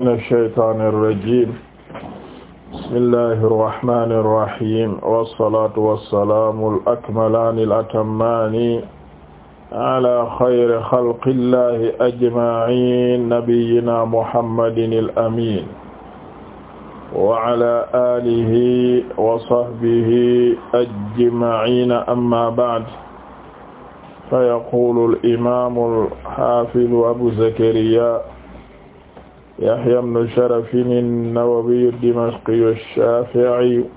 min ash-shaytaani ar-rajiim bismillaahi ar-rahmaani ar-rahiim wassalaatu wassalaamu al-akmalaani al-atammaani alaa xayri xalqillaahi ajmaciin nabiyyinaa muhammadin al-amiin wa alaa aalihi wa sahbihi ajmaciin ammaa bacd fa yaquulu al-imaamu al-xaafidu abu zakariyaa Yahya ibn Sharaf an-Nawawi ad-Dimashqi ash-Shafi'i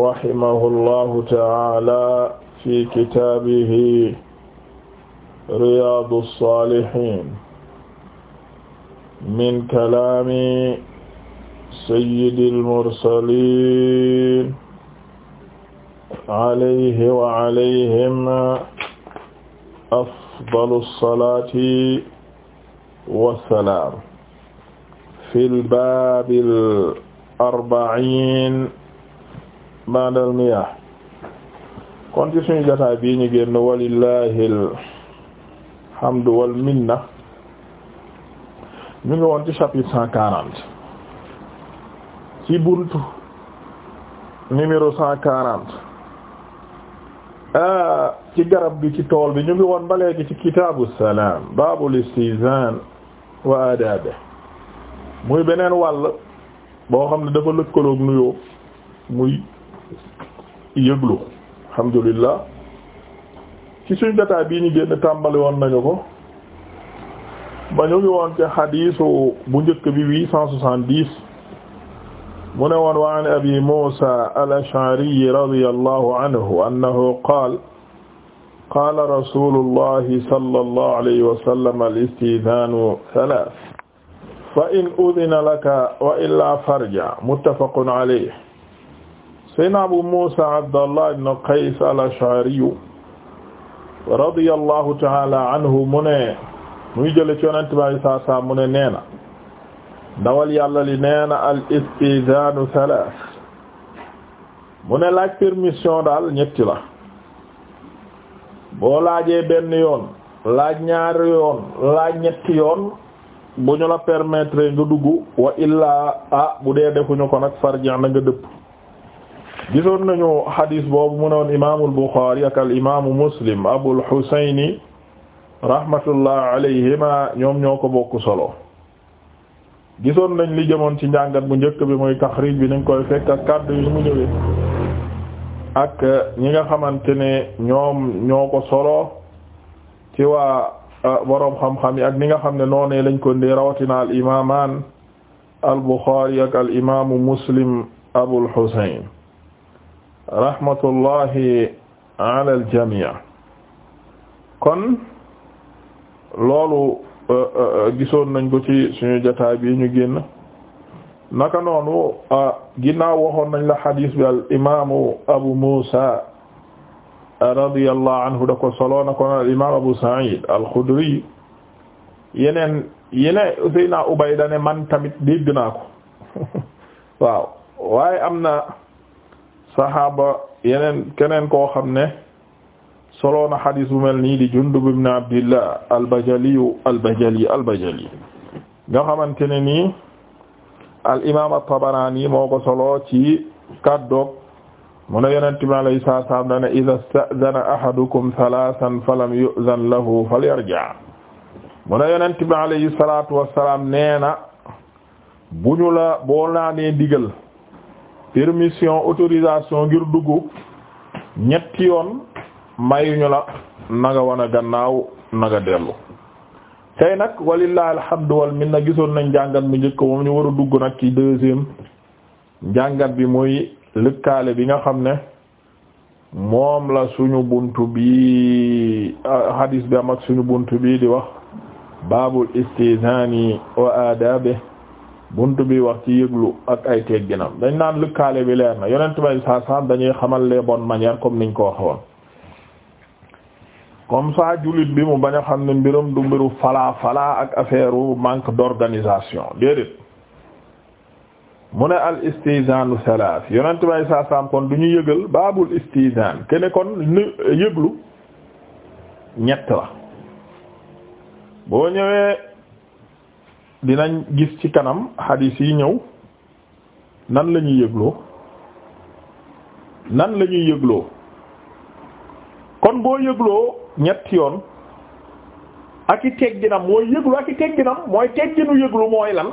rahimahullahu ta'ala fi kitaabihi Riyaadu s-Saalihiin min kalaami sayyidil mursaliin alayhi wa alayhim afdalu s-salaati wa s-salaam fil baabil arba'iin ba'dal kon ci suñu jotaay bii ñu génn walillaahil hamdu wal minna ñu ngi woon ci chapitre buntu numéro cent ah, garab gi ci tool bi ñu ngi woon ba léegi ci kitaabu salaam baabul istizaan wa aadaabihi muy beneen wàll boo xam ne dafa lëkkaloog nuyoo muy yëglu alhamdulillah ci suñ jotaay bii ñu génn tàmbali woon nañu ko ba ñu ngi woon ci xadiisu bu njëkk bi huit cent soixante-dix mu ne abi musa al-ash'ari radiyallahu anhu annahu qaal qaala rasulullahi sallallahu alayhi wa sallam al-istidhaanu thalath fa in udina laka wa illaa farja muttafaqun alayhi sayyidina abu muusa abdallah ibn qays al-ash'ari radiyallahu ta'ala anhu mu ne muy jële ci yonent bi saa saa mu ne nee na dawal yàlla li nee na al istizaanu thalath mu ne laaj permission daal ñetti la boo laajee benn yoon laaj ñaari yoon laaj ñetti yoon bu ñu la permettre nga dugg wa illaa ah bu dee defuñu ko nag farji na nga dëpp gisoon nañu hadis boobu mu ne woon imaamul Buxaari ak al imaamu Muslim Abul Husayni rahmatullah alayhima ñoom ñoo ko bokk solo gisoon nañ li jëmoon ci njàngat bu njëkk bi muy taxriij bi nañ koy fekk ak kàddu yi mu ñëwee ak ñi nga xamante ne ñoom ñoo ko solo ci waa Ah, boroom xam-xam yi ak ni nga xam ne noonee lañ ko ndee rawatina al imaamaan al buxaari ak al imaamu muslim abul husayn rahmatullahi ala al jamii kon loolu eh, eh, gisoon nañ ko ci suñu jotaay bi ñu génn naka noonu ah, ginnaaw waxoon nañ la xadiis bi al imaamu abu muusa radiyallahu anhu da ko solo na ko al imam Abu Sa'id al-Khudri yeneen yene Seyna Ubayda ne man tamit dégg naa waaw am na saxaaba yeneen keneen koo xam ne solo na xadis bu mel nii di Jundub ibn Abdillah al-Bajali al-Bajali al-Bajali nga xamante ne al imam at-Tabarani moo solo ci kaddoog mu ne yonent bi alayhi salaatu salaam dana iza sta'dana ahadukum thalathan falam yu'zan lahu falyarji' mu ne yonent bi alayhi salaatu wassalaam nee na bu ñu la boo naa digal permission autorisation ngir dugg ñetti yoon mayuñu la naga wana gannaaw naga dellu tey nag walillahi alhamdu wal minna gisoon nañ njàngat mu njëkk moom ñu war a dugg nag ci njàngat bi mooy lëkkaale bi nga xam ne moom la suñu bunt bi ah, hadis bi am ak suñu bunt bi di wax baabul istizani wa adabe buntu bi wax ci yëglu ak ay tegginam dañ naan lëkkaale bi leer na yonent bay saa dañuy xamal les bonnes manières comme niñ ko woon comme ça jullit bi mu bañ a xam ne mbirum du mbiru falaa falaa ak affaire u manque d'organisation déedéet mu ne al istizanu thalath yonent bay saa saam kon du ñu yëgal baabul istizan kene kon nu yëglu ñett la boo ñëwee dinañ gis ci kanam hadis yi ñëw nan la ñuy yëgloo nan la ñuy yëgloo kon boo yëgloo ñett yoon ak i tegginam mooy yëglu ak i tegginam mooy tegginu yëglu mooy lan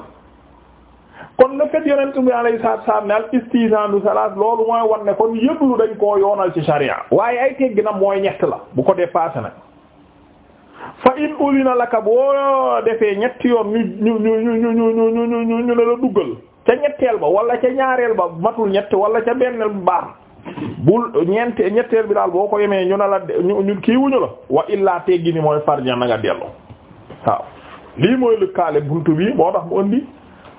kon le fait yonent bi alayhi salaatu salaam ne al istizanu salas loolu mooy wan ne kon yëglu dañ koo yoonal ci sharia waaye ay teggi na mooy ñett la bu ko dépassé nag fa in ulina laka boo defee ñetti yoon ñu ñu ñu ñu ñu ñu ñu ñu ñu ne la duggal ca ñetteel ba wala ca ñaareel ba matul ñett wala ca benneel bu baax bul ñeent ñetteel bi daal boo ko yemee ñu ne la ñu kii la wax illaa teggi ni mooy farña na nga dellu waaw lii mooy lëkkaale buntu bi moo tax mu indi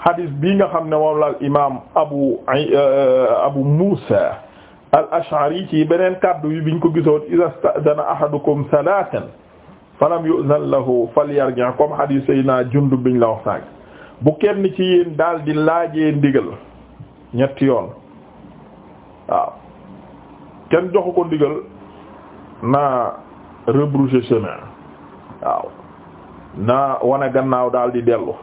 xadis bii nga xam ne moom la al imaam abu euh, abu Muusa al ashari ci beneen kàddu yi biñ ko gisoon iza sta'dana ahadukum salaatan falam yu'zan lahu falyarji' comme xadis Seydina Jundub biñ la wax saak bu kenn ci yéen daal di laajee ndigal ñetti yoon waaw kenn joxu ko ndigal naa rebrousser chemin waaw naa wane gannaaw daal di dellu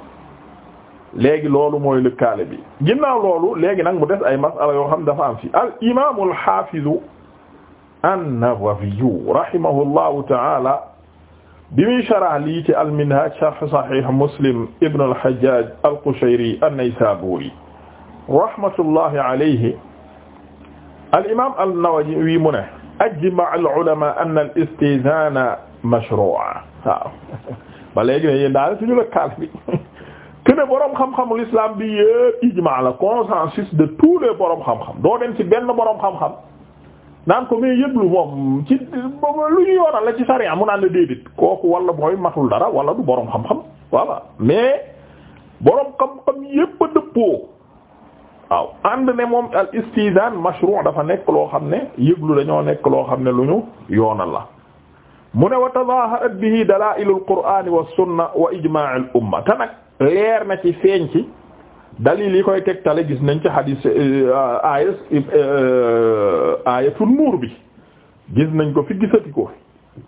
léegi loolu mooy lëkkaale bi ginnaaw loolu léegi nag mu des ay masala yoo xam dafa am fi al imaamu al xaafizu an-Nawawi rahimahullahu taala bi muy sharah lii ci al minhaj sharh sahih muslim ibn al hajjaj al qushayri an-naysaburi rahmatullahi alayhi al imaam an-Nawawi mu ne ajma al ulama an al istizana mashru' waaw ba léegi ne yéen daal suñu lëkkaale bi que ne borom xam-xamul islam bi yëpp ijmaa la consensus de tous les borom xam-xam doo dem ci benn borom xam-xam naan ko mais yëpp lu moom ci lu ñu yoonal la ci sariya mu naan déedéet kooku wala mooy matul dara wala du borom xam-xam voilà mais borom xam-xam yëpp a dëppoo waaw ànd ne moom al istizan dafa nekk loo xam ne yëglu dañoo nekk loo xam ne lu ñu yoonal la. mu ne wa tadaaharat bihi dalaa'ilul qur'aani wa sunna wa ijmaa'il umma te nag leer na ci feeñ ci dalil yi koy tegtale gis nañ ci hadis euh, euh, aaya euh, aayatul nuur bi gis nañ ko fi gisati ko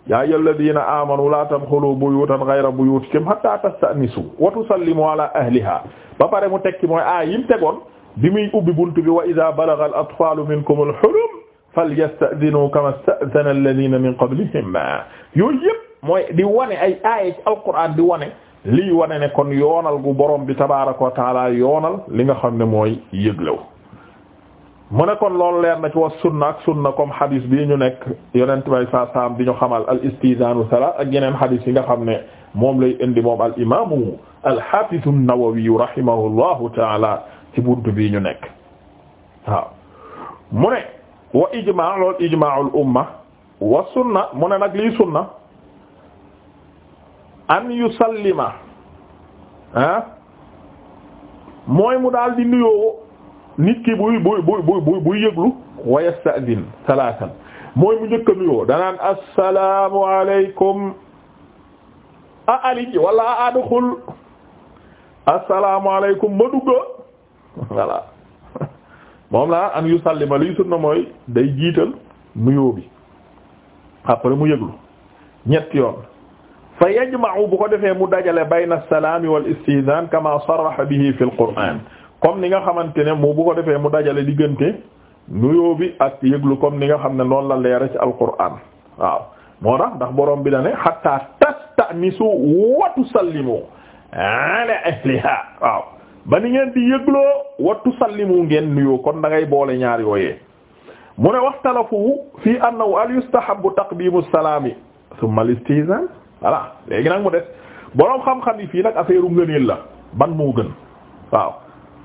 yaa ayyuhal ladina amanu la tadkhulu buyutan ghayra buyutikum hatta tasta'nisu wa tusallimu ala ahliha ba pare mu tekki mooy aay yim tegoon bi muy ubbi bunt bi wa idha balagha al atfalu minkum al hulum falyasta'dinu kama sta'dhana alladhina min qablihim yooyu yëpp mooy di wane ay aaya ci alquran di wane lii wane ne kon yoonal gu borom bi tabaaraka wa taala yoonal li nga xam ne mooy yëglew mu ne kon loolu leer na ci wax sunna ak sunna comme hadis bii ñu nekk yonent bay saa saam bi ñu xamal al istizaanu salaat ak yeneen hadis yi nga xam ne moom lay indi moom al imaamu al haafizu an-Nawawi rahimahullahu taala ci bunt bii ñu nekk waaw mu ne wa ijmaa loolu ijmaa'ul umma wa sunna mu ne nag lii sunna an yusallima ah mooy mu daal di nuyoo nit ki buy buy buy buy buy yëglu wa yasta'zin salaasan mooy mu njëkk a nuyoo danaan assalaamu alaykum a alij wala a adxul assalaamu alaykum ma dugga voilà moom laa an yusallima liy mooy day jiital nuyoo bi après mu yëglu ñett yoon fa yajma'u bu ko defee mu dajale bayna salaami wal istihzaan kama sarraha bihi fil qur'aan comme ni nga xamante ne mu bu ko defee mu dajale diggante nuyoo bi ak yëglu comme ni nga xam ne noonu la leera ci alqur'aan waaw moo tax ndax borom bi da ne hatta tasta'nisu wa tusallimu ala ahliha waaw ba ni ngeen di yëgloo wa tusallimu ngeen nuyoo kon da ngay boole ñaar yooyee mu ne waxtalafu fii annahu al yustahabbu taqdimu salaami thumma al istihzaan voilà léegi nag mu des boroom xam-xam yi fii nag affaire ngëneel la ban moo gën waaw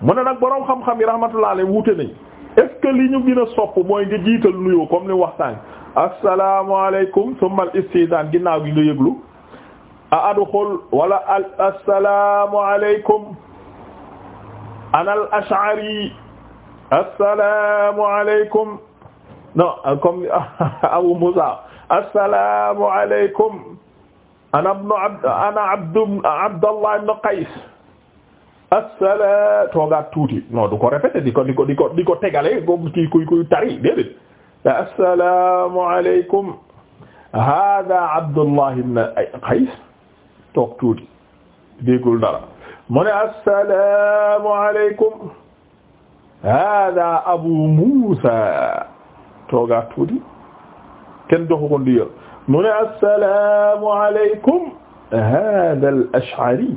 mu ne nag boroom xam-xam yi rahmatullah alayhi wuute nañ est ce ñu gën sopp mooy nga jiital nuyoo comme li waxtaan asalaamaaleykum summa al istidaan ginnaaw gi nga yëglu a adxul wala al asalaamaaleykum ana al ash'ari asalaamaaleykum non comme Abu Musa asalaamaaleykum ana ibnu abd ana abdu abdallah ibnu qays toogaat tuuti non du ko répété di ko tegale comme kii kuy kuy tari déedéet hada abdullah ibn qays toog tuuti déggul dara mu ne assalaamu aleykum hada abu musa toogaat tuuti kenn joxu ko ndigal mu ne assalaamu aleykum hada al ash'ari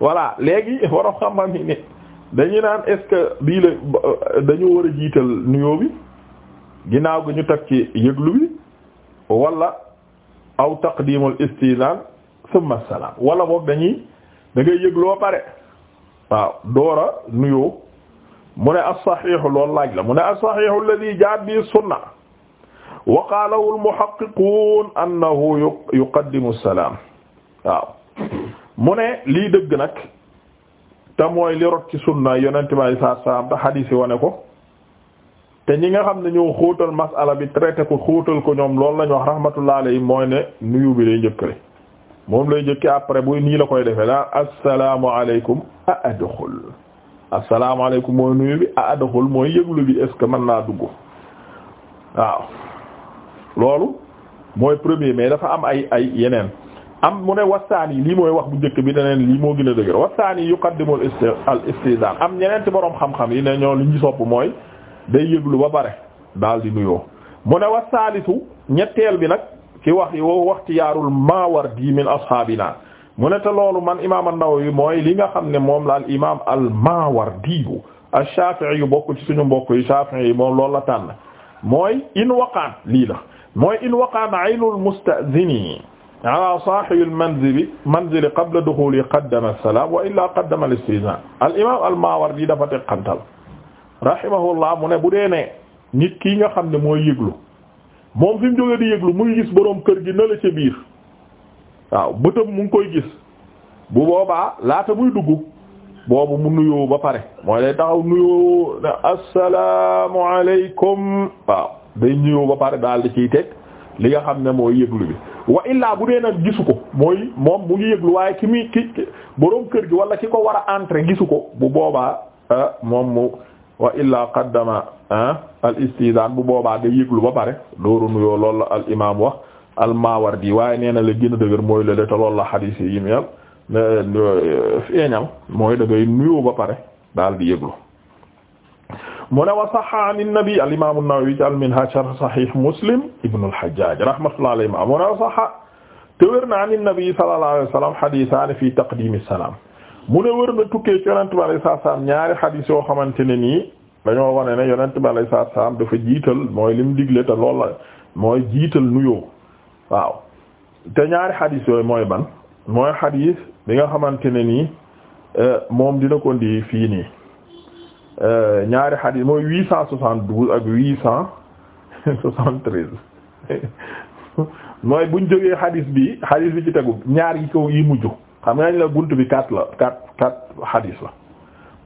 voilà léegi warom xam ne dañu naan est ce bii la dañu war a jiital nuyoo bi ginnaaw gi ñu teg ci yëglu bi wala aw taqdimul istizan summa salaam wala boog dañuy da ngay pare waaw door a nuyoo mu ne as-sahih loolu laaj la mu ne as-sahih alladhi jaa bi sunna wa qaalahu al-muhaqqiquun annahu yuqaddimu salaam waaw mu ne lii dëgg nag te mooy li rot ci sunna yonent bi alayhi salaatu salaam te xadiis ko te ñi nga xam ne ñoo xóotal masala bi traité ko xóotal ko ñoom loolu lañu wax rahmatullah alayhi mooy ne nuyu moom lay njëkkee après bu nii la koy defee la assalaamu alaykum a adxul assalaamu alaykum mooy nuyu bi a adxul mooy yëglu bi est ce que mën naa dugg waaw loolu mooy premier mais dafa am ay ay yeneen am mu ne wasaani lii mooy wax bu njëkk bi daneen lii moo gën a dëgër wasaani yuqaddimu al istizaan am ñeneen ci boroom xam-xam yi ne ñoo li ñu sopp mooy day yëglu ba pare daal di nuyoo mu ne wasaalisu ñetteel bi nag ci wax yi woo wax ci yaarul Maawardi min ashaabina mu ne te loolu man imaam an yi mooy li nga xam ne moom la al imaam al Maawardi bu ash-Shaafi'i yu bokk ci suñu mbokk yi Shaafi'i yi moom loolu la tànn mooy in waqaan lii la mooy in waqa aynul musta'dini ala sahibil manzili manzili qabla duxuli qaddama salaam wa illaa qaddama al-istizaan dafa teg xantal rahimahullah mu ne bu dee ne nit ki nga xam ne mooy yëglu moom fi mu di yëglu muy gis boroom kër gi na la ca biir waaw bëtam mu koy gis bu boobaa laata muy dugg boobu mu nuyoo ba pare mooy lay taxaw nuyoo ne alaykum waaw. day ñëw ba pare daal di ciy teg li nga xam ne mooy yëglu bi wa illaa bu dee nag gisu ko mooy moom mu ngi yëglu waaye ki muy ki boroom kër gi wala ki ko war a entrer gisu ko bu boobaa ah, moom mu wa illaa qaddama ah, al istizaan bu boobaa day yëglu ba pare dooru nuyoo loolu la al imaam wax al Maawardi waaye nee na la gën a dëgër mooy la te loolu la xadiis yi yim yàl feeñal mooy da ngay nuyoo ba pare daal di yëglu mu ne wa saha an nabi al imam an-Nawawi ci al-Minhaj sharh sahih Muslim ibn al-Hajjaj rahmatullah alayhi mu ne wa saha te wér na an nabi sallallahu alayhi wa sallam hadithan fi taqdim as-salam mu ne wér na tukkee ci yonent salaam ñaari hadith yoo xamante ne nii dañoo wane na yonent bi alayhi salaam dafa jiital mooy lim digle te loolu mooy jiital nuyoo waaw te ñaari hadith yooyu mooy ban mooy hadith bi nga xamante ne nii eh, moom dina ko ndi fii nii Euh, ñaari xadis mooy huit cent soixante-douze ak huit cent soixante-treize mooy buñ jógee xadis bi xadis bi ñaar yi kaw yi mujj xam nga ñu la bunt bi quatre la quatre quatre xadis la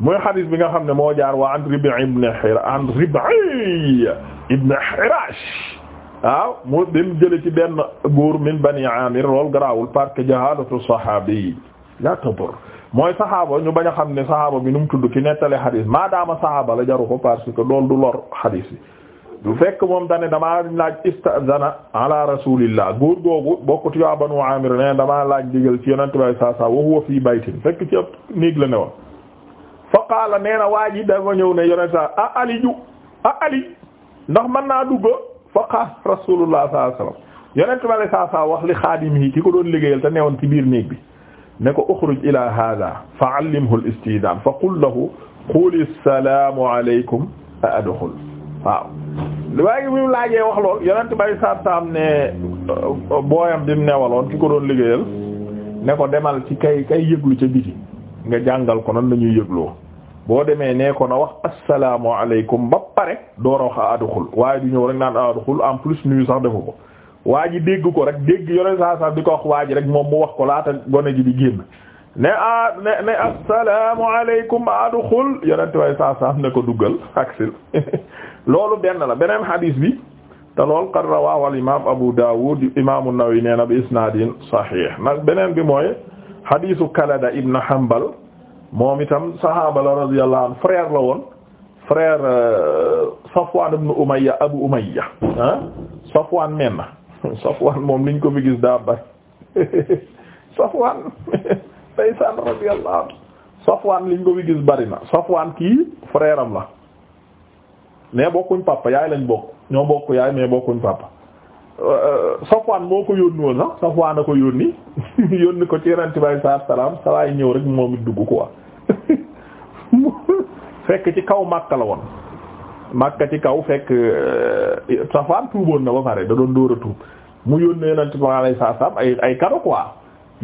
mooy xadis bi nga xam ne moo jaar wa an Rib'i ibn Hirash an Rib'i ibn Hirash waaw mu dem ci benn góor min Bani Amir lool garaawul parce que jahalatu sahabi la tabur mooy saxaaba ñu bañ a xam ne saxaaba bi nu mu tudd ki nettale xadiis maadaama saxaaba la jaru ko parce que loolu du lor xadiis bi du fekk moom dane damaa laaj istazana ala rasulillah góor googu bokk ci waa banu amir ne damaa laaj digal ci yonente bay saa ci ëpp néeg la ne woon waa ji dafa ñëw ne yonente sa mën naa dugg fa qaala rasulullah sallallahu alayhi wasallam yonente bay saa sa wax li xaadim yi ki ko doon liggéeyal te newoon ci biir néeg bi ne ko uxruj ila hada fa allimhu al istidaan fa qul lahu qul alaykum a adxul waaw waaye bi mu laajee wax lool yonent bay saat saam ne euh, booyam bi mu newaloon ki ko doon liggéeyal ne ko demal ci kay kay yëglu ca biti nga jàngal ko nan la ñuy yëgloo boo demee nee ko na wax assalaamu alaykum ba pare door a wax a adxul waaye du ñëw rek naan a adxul en plus nuyu sax defu ko waa ji dégg ko rek dégg yoneen saa saa di ko wax waa ji rek moom mu wax ko laata gone ji di génn ne a ne ne assalaamu alaykum adxul yonent way saa saa ne ko duggal aksil loolu benn la beneen hadis bi te lool qad rawaahu al imaam Abu Dawud imaam an-Nawawi nee na bi isnaadin saxiix nag beneen bi mooy hadisu Kalada ibn Hanbal moom itam sahaaba la radiyallahu anhu frère la woon frère euh, Safwan ibn Umayya Abu Umayya ah Safwan men Safwan moom liñ ko fi gis daa bari Safwan ndeysaan radiyallahu anhu Safwan liñ ko fi gis bari na Safwan kii frère la mais bokkuñ papa yaay lañ bokk ñoo bokk yaay mais bokkuñ papa euh, Safwan moo ko yónni woon sax Safwan a ko yónni yónni ko ci yonent bi alayhi salaatu salaam ñëw rek moom it dugg quoi fekk ci kaw Makka la Makka ci kaw fekk euh, Safwaan tuuboon na ba pare da doon dóor tuub mu yónnee Yonent bi alayhi salaam ay ay cadeau quoi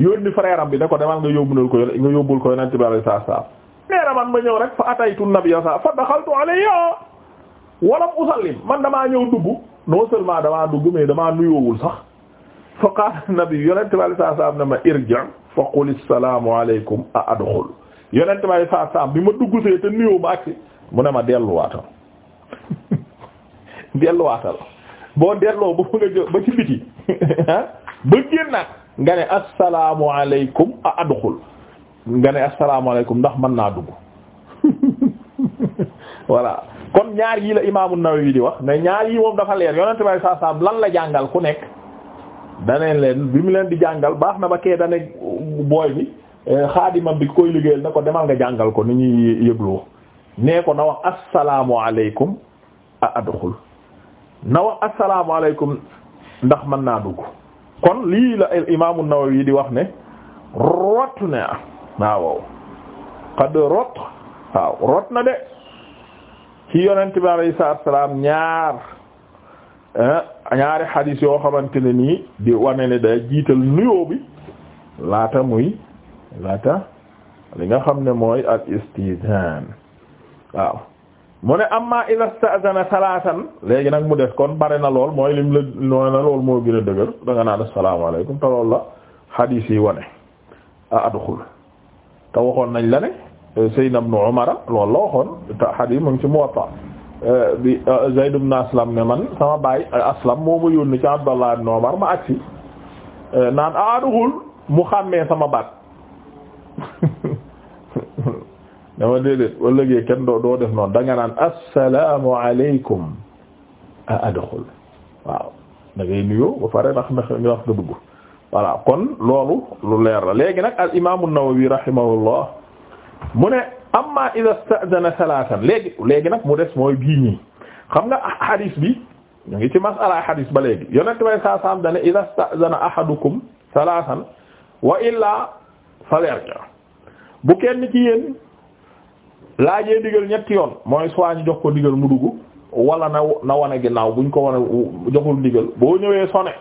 yónni frère am bi da ko demal nga yóbbul ko nga yóbbul ko Yonent bi alayhi salaam. neera man ma ñëw rek fa ataytu nabiyya fa daxaltu alayhi walam man damaa ñëw dugg non seulement damaa dugg mais damaa nuyoowul sax fa qaala nabi Yonent bi alayhi salaam na ma irji' fa qul assalaamu alaykum a adxul Yonent bi alayhi salaam bi ma dugg see te nuyoo ma agsi mu ne ma delluwaatam delluwaatal boo delloo ba nga jël ba ci biti ah ba génnaat nga ne assalaamu alaykum a adxul nga ne assalaamu alaykum ndax mën naa dugg voilà kon ñaar yi la imaamu Nawawi di wax ne ñaar yi moom dafa leer yonent bay saa saa lan la jàngal ku nekk daneen leen bi mu leen di jàngal baax na ba kee dane booy bi eh, xaadimam bi koy liggéeyal na ko demal nga jàngal ko ni ñuy yëgloo nee ko na wax asalaamualeykum a adxul na wax asalaamualeykum ndax mën naa dugg kon lii la al imaamu Nawawi di wax ne rot a waaw qad rot waaw rot na de ci yonent bi alayhi salaam ñaar eh, ñaari xadiis yoo xamante ne nii di wane ne day jiital nuyoo bi laata muy laata li nga xam ne mooy al istizaan waaw mu ne amma idha sta'zana salaasan léegi nag mu des kon bare na lool mooy lim la mooy na lool moo gën a dëgër da nga naan asalaamaaleykum te loolu la hadis yi wane a adxul te waxoon nañ la ne eh, Sayyidna Ibn Umar loolu la waxoon te hadis mu ngi ci Muwatta eh, bi eh, Zayd ibn Aslam ne man sama baay Aslam moo ma yónni ci Abdallah ibn Umar ma agsi naan a adxul mu xàmmee sama baat dama déedéet wallëgee kenn doo doo def noonu da nga naan assalaamu alaykum a adxul waaw da ngay nuyoo ba pare ndax ndax nga wax nga dugg voilà kon loolu lu leer la léegi nag al imaamu Nawawi rahimahullah mu ne amma ida sta'dana thalathan léegi léegi nag mu des mooy bii ñii xam nga hadis bi ñu ngi ci masala hadis ba léegi yonent bay saa saam dane ida sta'dana ahadukum thalathan wa illaa falerka bu kenn ci yéen laajee digal ñetti yoon mooy soit ñu jox ko digal mu dugg wala na na wane ginnaaw buñ ko wane joxul digal boo ñëwee sone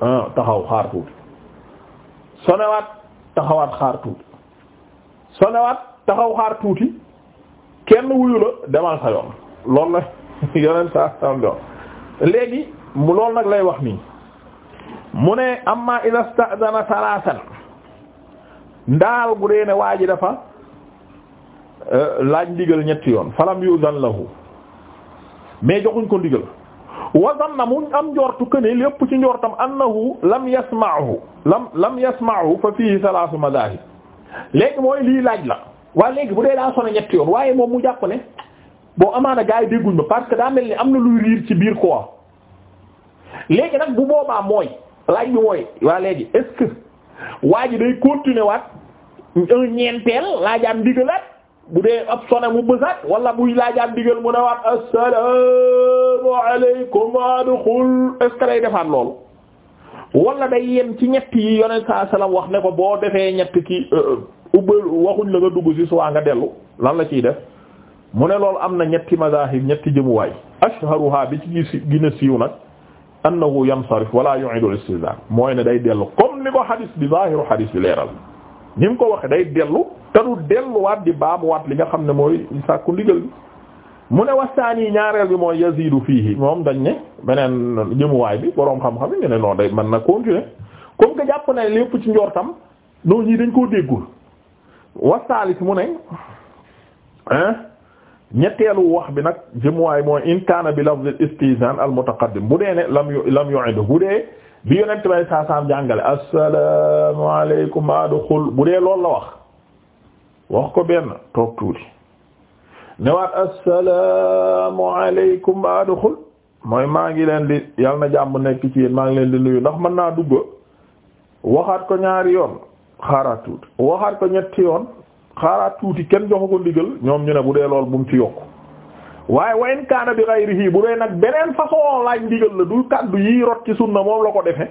ah taxaw xaar tuuti sonewaat taxawaat xaar tuuti sonewaat taxaw xaar tuuti kenn wuyu la demal sa yoon loolu la yeneen saa sam nag lay wax nii mu ne amma ila sta'dana salasan ndaal gu dee ne waa ji dafa Euh, laaj ndigal ñetti yoon falam yudan lahu mais joxuñ ko ndigal wasan na mu am njortu këne lépp ci njortam annahu lam yasma'hu lam lam yasma'hu fa fihi salaasu madahib léegi mooy lii laaj la waa léegi bu dee daa sone ñetti yoon waaye moom mu jàpp ne boo amaana gars yi dégguñ ma parce que daa mel ni am na luy riir ci biir quoi léegi nag bu boobaa mooy laaj bi mooy waa léegi est que waa ji day continuer waat un ñeenteel laajaan digalaat bu dee ab sone mu bësaat wala buy laajaan digal mu ne waat assalaamu alaykum adxul est-ce que day defaat loolu wala day yem ci ñett yi yonent saa salaam wax ne ko boo defee ñett ki euh, ubbal waxuñ la nga dugg ci suwaa nga dellu lan la ciy def mu ne loolu am na ñetti madahib ñetti jëmuwaay ashharuha bi ci gina siiw nag annahu yansarif walaa yu'idu al-istizan mooy ne day dellu comme ni ko hadis bi zahiru hadis bi leeral ni mu ko waxee day dellu te du delluwaat di baamuwaat li nga xam ne mooy sàkku ndigal bi mu ne wastaan yi ñaareel bi mooy yazidu fiihi moom dañ ne beneen jëmuwaay bi waroom xam-xam yi ñu ne day mën na continuer comme que jàpp na lépp ci njoortam noonu ñii dañ koo déggul wastaalis mu ne ñetteelu wax bi nag jëmuwaay mooy in kaana bi lafz al istizan al mutaqaddim bu dee ne lam yu lam yu'idu bu dee bi yonent bay saasaam jàngale assalaamu alaykum adxul bu dee lool la wax wax ko benn toog tuuti newaat assalaamu alaykum adxul mooy maa ngi leen di yal na jàmm nekk ci yéen maa ngi leen di nuyu ndax mën naa dugg waxaat ko ñaari yoon xaaraat tuuti waxaat ko ñetti yoon xaaraat tuuti kenn joxu ko ndigal ñoom ñu ne bu dee lool bu mu ci yokk waaye wa in kaana bi ghayrihi bu dee nag beneen façon laaj ndigal la du kaddu yi rot ci sunna moom la ko defe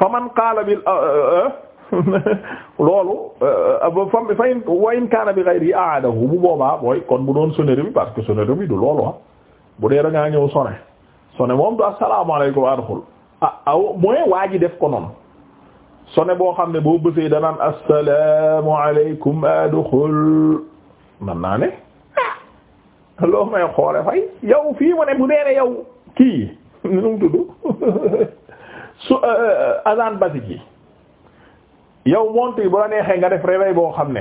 fa man qaala bil euh, euh, euh, loolu fa in wa in kaana bi ghayrihi aada bu boobaa booy kon bu doon sonnerie bi parce que sonnerie bi du loolu ah bu dee da ngaa ñëw sonné sonné moom du asalaamaaleykum arxul ah aw mooy waa ji def ko noonu sonné boo xam ne boo bësee danaan asalaamualeykum adxul man naa ne. loo may xoole fay yow fii mu ne bu dee ne yow kii nu mu tudd su euh, euh, azan basique yi yow montre yi bu la neexee nga def réveil boo xam ne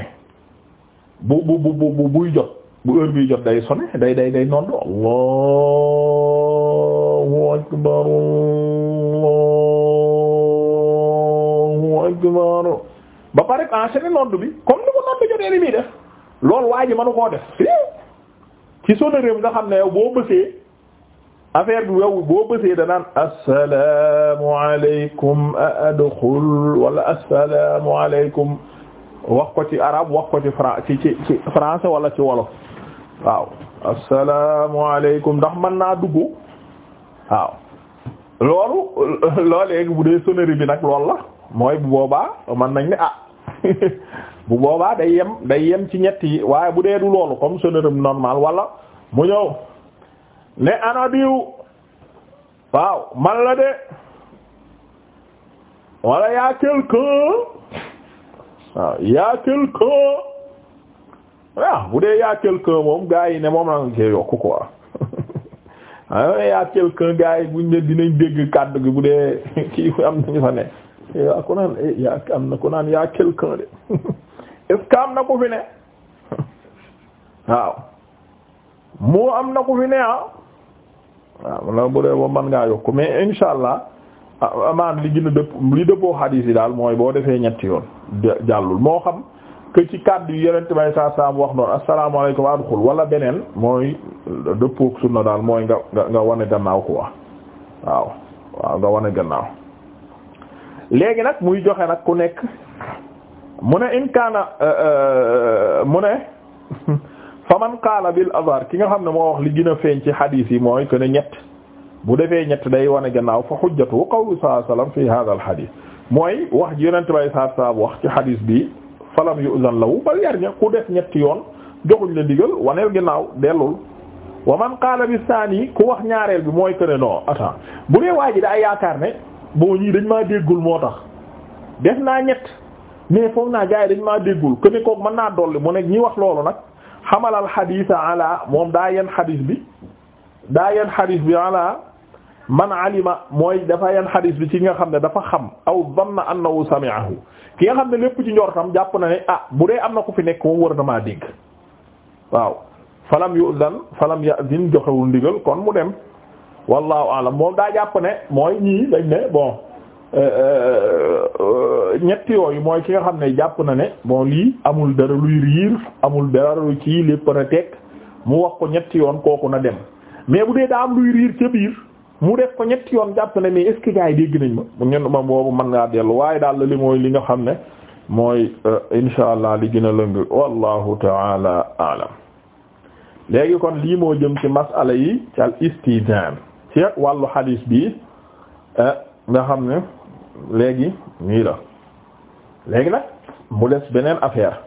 bu bu bu bu buy jot bu heure buy jot day sonné day day day nodd allahu akbar allahu akbar ba pare enchaîner nodd bi comme ni ko nodd jotee li muy def loolu waa ji mënu koo def ci sonnerie bi nga xam ne yow boo bësee affaire bi yow boo bësee danaan assalaamu alaykum adxul wala assalaamu alaykum wax ko ci arabe wax ko ci fran ci ci ci wala ci wolof waaw assalaamu alaykum ndax mën naa dugg waaw loolu loolee bu dee sonnerie bi nag loolu la mooy bu boobaa mën nañ ne ah bu boobaa day yem day yem ci ñetti yi waaye bu dee du loolu comme sonneram normal wala mu ñëw ne ana waaw man la de wala yaa quelqu'un waaw yaa quelqu'un bu dee yaa quelqu'un moom gaa yi ne moom la nga yokku quoi waaw yaa quelqu'un gaa yi buñ ne dégg kàddu gi bu dee kii am nañu fa ne yaa eh, ku naan eh, yaa am na ku naan yaa quelqu'un de est am na ko fi ne waaw moo am na ku fi ne ah waaw la bu dee boobu mën ngaa yokk mais insha allah ah, amaan li gën a dëpp li dëppoo xadiis yi daal mooy boo defee ñetti yoon jàllul moo xam que ci kàdd yi yeneen bay saa saa wax noonu asalaamaaleykum adxul wala beneen mooy dëppook sunna daal mooy nga nga nga wane gannaaw quoi waaw waaw nga wane gannaaw léegi nag muy joxe nag ku nekk mu ne in kaana euh, euh, mu ne fa man qaala bil azhar ki nga xam ne moo wax li gën feeñ ci hadith yi mooy que ne ñett bu defee ñett day wane gannaaw fa hujjatu qawlu sallallahu alayhi fi hadha al mooy wax ji yonent bay saa saa wax ci hadith bi falam yu'zan lahu bal yarña ku def ñetti yoon joxuñ la digal waneel ginnaaw dellul wa man qaala bi saani ku wax ñaareel bi mooy que ne non bu dee waa ji daa yaakaar ne. boo ñii dañ maa déggul moo tax des naa ñett mais foog naa gars yi dañ maa déggul que ne koog mën naa dolli mu nekk ñi wax loolu nag xamalal xadiis ala moom daa yen xadiis bi daa yen xadiis bi ala man alima mooy dafa yen xadiis bi ci nga xam ne dafa xam aw danna annahu sami'ahu ki nga xam ne lépp ci njortam jàpp na ne ah bu dee am na ku fi nekk war na maa dégg waaw falam yu'zan falam ya'zin joxewul ndigal kon mu dem wallahu alam moom daa jàpp ne mooy ñii dañ ne bon euh, euh, euh, ñett yooyu mooy ki nga xam ne jàpp na ne bon lii amul dara luy riir amul dara ci lépp na teg mu wax ko ñetti yoon kooku na dem mais bu dee daa am luy riir ca biir mu def ko ñetti yoon jàpp ne mais est yi dégg nañ ma mu ñun ma boobu mën ngaa dellu waaye daal li mooy li nga xam ne mooy insha allah li gën a lëng wallahu taala alam léegi kon lii moo jëm ci masala yi ci al istizan ci wàllu xadiis bi eh, nga xam ne léegi nii la léegi nag mu des beneen affaire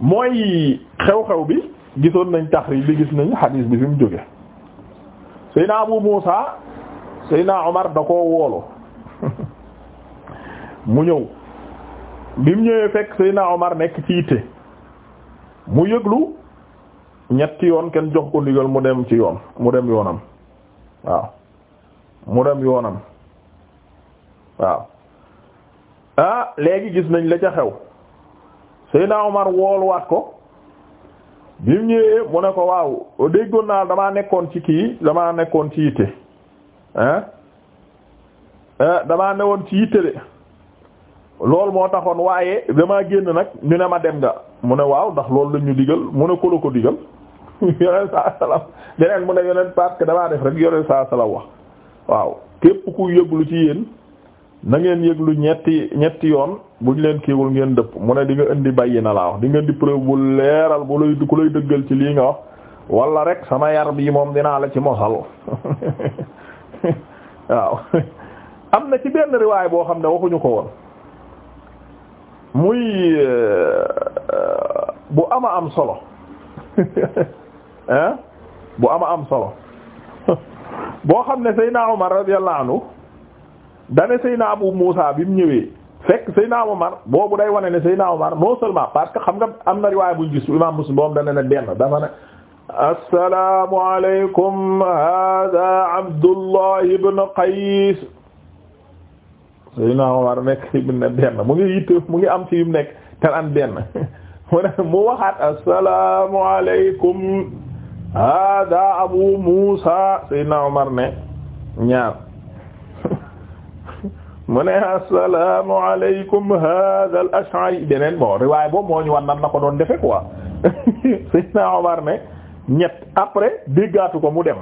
mooy xew-xew bi gisoon nañ taxrij bi gis nañ xadiis bi fi mu jóge Seydina Abu Muusa Seydina Omar da ko woolu mu ñëw bi mu ñëwee fekk Seydina Omar nekk ci yitte mu yëglu ñetti yoon kenn jox ko ndigal mu dem ci yoon mu dem yoonam waaw mu dem yoonam waaw ah léegi gis nañ la ca xew Seydina Omar wooluwaat ko bi mu ñëwee mu ne ko waaw déggoon naa damaa nekkoon ci kii damaa nekkoon ci yitte ah damaa newoon ci yitte de loolu moo taxoon waaye damaa génn nag ñu ne ma dem nga mu ne waaw ndax loolu lañ ñu digal mu ne ko la ko digal yoneen saa salaam beneen mu ne yoneen parce que dalaa def rek yoneen saa salaam wax waaw képp ku yëglu ci yéen na ngeen yëglu ñetti ñetti yoon buñ leen kiiwul ngeen dëpp mu ne di indi bàyyi na laa wax di nga indi preuve bu leeral bu lay ku lay dëggal ci lii nga wax wala rek sama yar yi moom dinaa la ci mosal waaw am na ci benn riwaay boo xam ne waxuñu ko woon muy euh, bu ama am solo bu ama am solo boo xam ne Seydina Omar radiyallahu anhu dane Seydina Abu Muusa bi mu ñëwee fekk Seydina Omar boobu day wane ne Seydina Omar non parce que xam nga am na riwaay buñ gis Imaam Muslim boobu dana ne benn dafa ne assalaamu alaykum hada Abdullah ibn Qays Seydina Omar nekk ibn benn mu ngi yitte mu ngi am ci yim nekk te am benn mu ne mu waxaat assalaamu alaykum hada abu musa saydna umar ne ñaar mu ne assalamu alaykum hada al ash'ari beneen bon riwaay boobu moo ñu war nan na ko doon defe quoi saydna umar ne ñett après déggaatu ko mu dem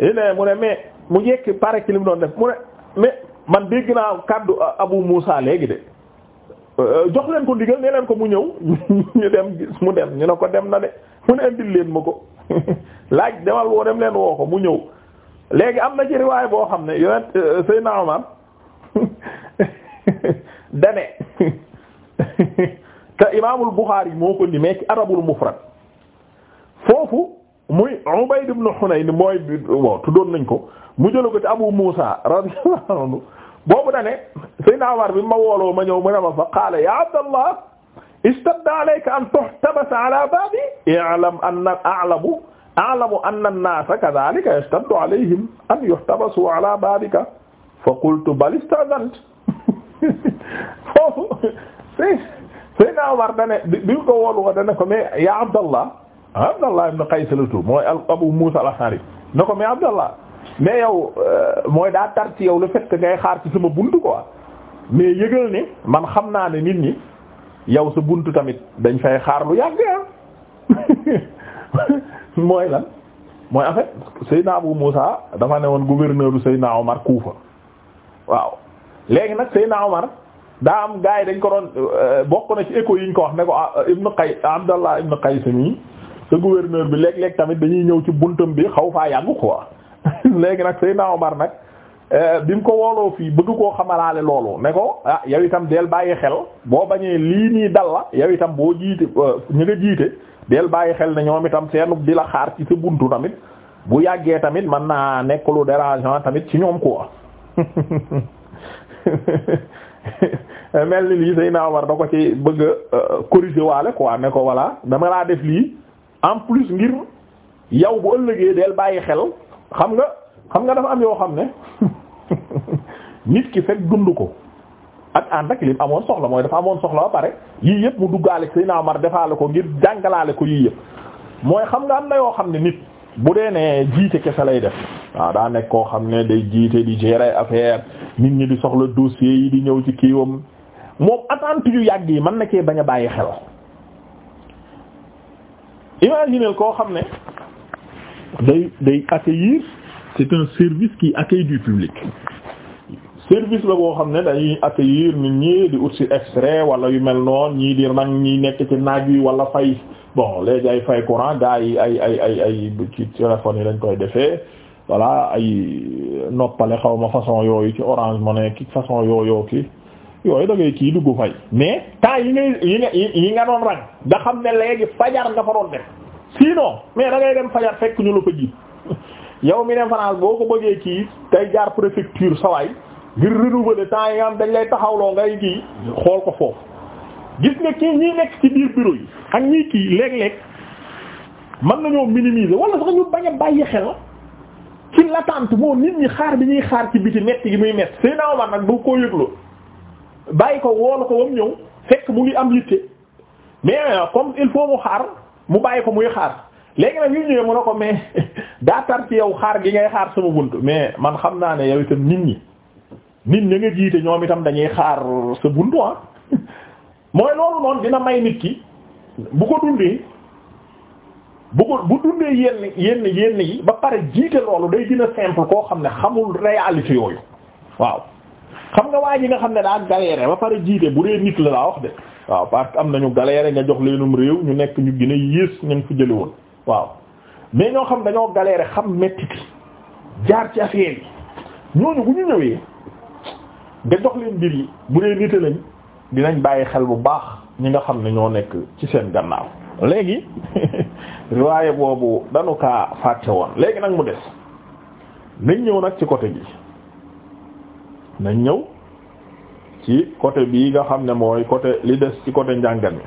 ine mu ne mais mu yekk pare ci li mu doon def mu ne mais man dégg naa kaddu abu musa léegi de Euh, jox leen ko ndigal ne ko mu ñëw ñu dem gis mu dem ñu ne ko dem na de mu ne indil leen ma ko laaj demal woo dem leen woo ko mu ñëw léegi am na ci riwaay boo xam ne yonent euh, Seydina Omar dane te imaamul Buxaari moo ko limee ci arabul mufrad foofu muy Ubayd ibn Hunayn mooy tuddoon nañ ko mu jëla ko ci Abu Muusa radiyallahu boobu da ne Seydina Umar bi ma wooloo ma ñëw mën a ma fa qaala ya Abdallah istabda alayka an tuhtabasa ala babi i'lam anna a'lamu a'lamu anna an-nasa kadhalika yastabdu alayhim an yuhtabasu ala babika fa qultu bal ista'dhant foofu Seydina Umar da ne bi ko woolu wa da ne ko mais ya Abdallah Abdallah ibn Qays la tudd mooy Abu Musa al-Ash'ari ne ko mais Abdallah mais yow euh, mooy daa tar ci yow le fait que ngay xaar ci sama ko quoi mais yëgal ni man xam naa ne nit ñi yow sa buntu tamit dañ fay xaar lu yàgg ah mooy lan mooy en fait Seydina Abu Moussa dafa ne woon gouverneur bu Seydina Omar Kufa waaw léegi nag Seydina Omar daa am gaa yi dañ ko doon euh, bokk na ci éco yi ñu ko wax ne ko ah, Ibn Qays Abdallah Ibn kay mi sa gouverneur bi léeg-léeg tamit dañuy ñëw ci buntam bi xaw faa yàgg quoi. léegi nag Seydina Omar nag euh, bi mu ko wooloo fii bëgg koo xamalaale loolu ne ko ah yow itam del bàyyi xel boo bañee lii nii dal la yow itam boo jiite euh, ñu nga jiite del bàyyi xel ne ñoom itam seenu di la xaar ci sa buntu tamit bu yàggee tamit mën naa nekk lu tamit ci ñoom quoi mel ni lii Seydina Omar da ko ci bëgg a euh, corriger waale quoi ne ko voilà dama laa def lii en plus ngir yow bu ëllëgee del bàyyi xel xam nga. xam nga dafa am yoo xam ne nit ki fekk dund ko ak ànd ak lim amoon soxla mooy dafa amoon soxla ba pare yii yëpp mu duggaale si naa mar defaale ko ngir jàngalaale ko yii yëpp mooy xam nga am na yoo xam ne nit bu dee ne jiite kese lay def waaw daa nekk koo xam ne day jiite di gérer affaire nit ñi di soxla dossier yi di ñëw ci kiiwam moom attente yu yàgg yi mën na bañ a bàyyi xel imagineel koo xam ne day day accueillir c'est un service qui accueille du public service la boo xam ne dañuy accueillir nit ñi di ut si extrait wala yu mel noon ñi di nag ñi nekk ci naaj wi wala fay bon léegi ay fay courant gars yi ay ay ay ay ci téléphone yi lañ koy defee wala ay noppale xaw ma façon yooyu ci Orange Money ki façon yooyoo ki yooyu da ngay kii dugg fay mais temps yi ngay yi nga yi nga doon rang nga xam ne léegi fajar nga fa doon def sinon mais da dem fajar fekk ñu la fa ji yow mi ne boo ko bëggee kii tey jaar préfecture sawaay ngir renouveler temps yi nga dañ lay taxawloo ngay kii xool ko foofu gis nga kii ñii nekk ci biir bureau yi ak ñii kii léeg-léeg mën nañoo minimiser wala sax ñu bañ a bàyyi xel ci l'attente moo nit ñi xaar bi ñuy xaar ci biti metti gi muy metti sëy naa war nag bu ko yëgloo bàyyi ko woolu ko wam ñëw fekk mu ngi am yitte mais euh, comme il faut mu xaar mu bàyyi ko muy xaar léegi nag yu ñëwee mu ne ko mais daa tar ci yow xaar gi ngay xaar sama bunt mais man xam naa ne yow itam nit ñi nit ña nga jiite ñoom itam dañuy xaar sa bunt ah mooy loolu noonu dina may nit ki bu ko dundee bu ko bu dundee yenn yenn yenn yi ba pare jiite loolu day dina simple koo xam ne xamul réalité yooyu waaw xam nga waa ji nga xam ne daa galéré ba pare jiite bu dee nit la laa wax de waaw parce que am nañu galéré nga jox leenum réew ñu nekk ñu gën a yées ñun fi jële woon waaw mais ñoo xam dañoo galérer xam métti jaar ci affaire yi ñooñu bu ñu ñëwee nga jox leen mbir yi bu dee nite lañ dinañ bàyyi xel bu baax ñi nga xam ne ñoo nekk ci seen gànnaaw léegi riwaaye boobu danu kaa fàtte woon léegi nag mu des nañ ñëw nag ci côté bi nañ ñëw ci côté bii nga xam ne mooy côté li des ci côté njàngat mi.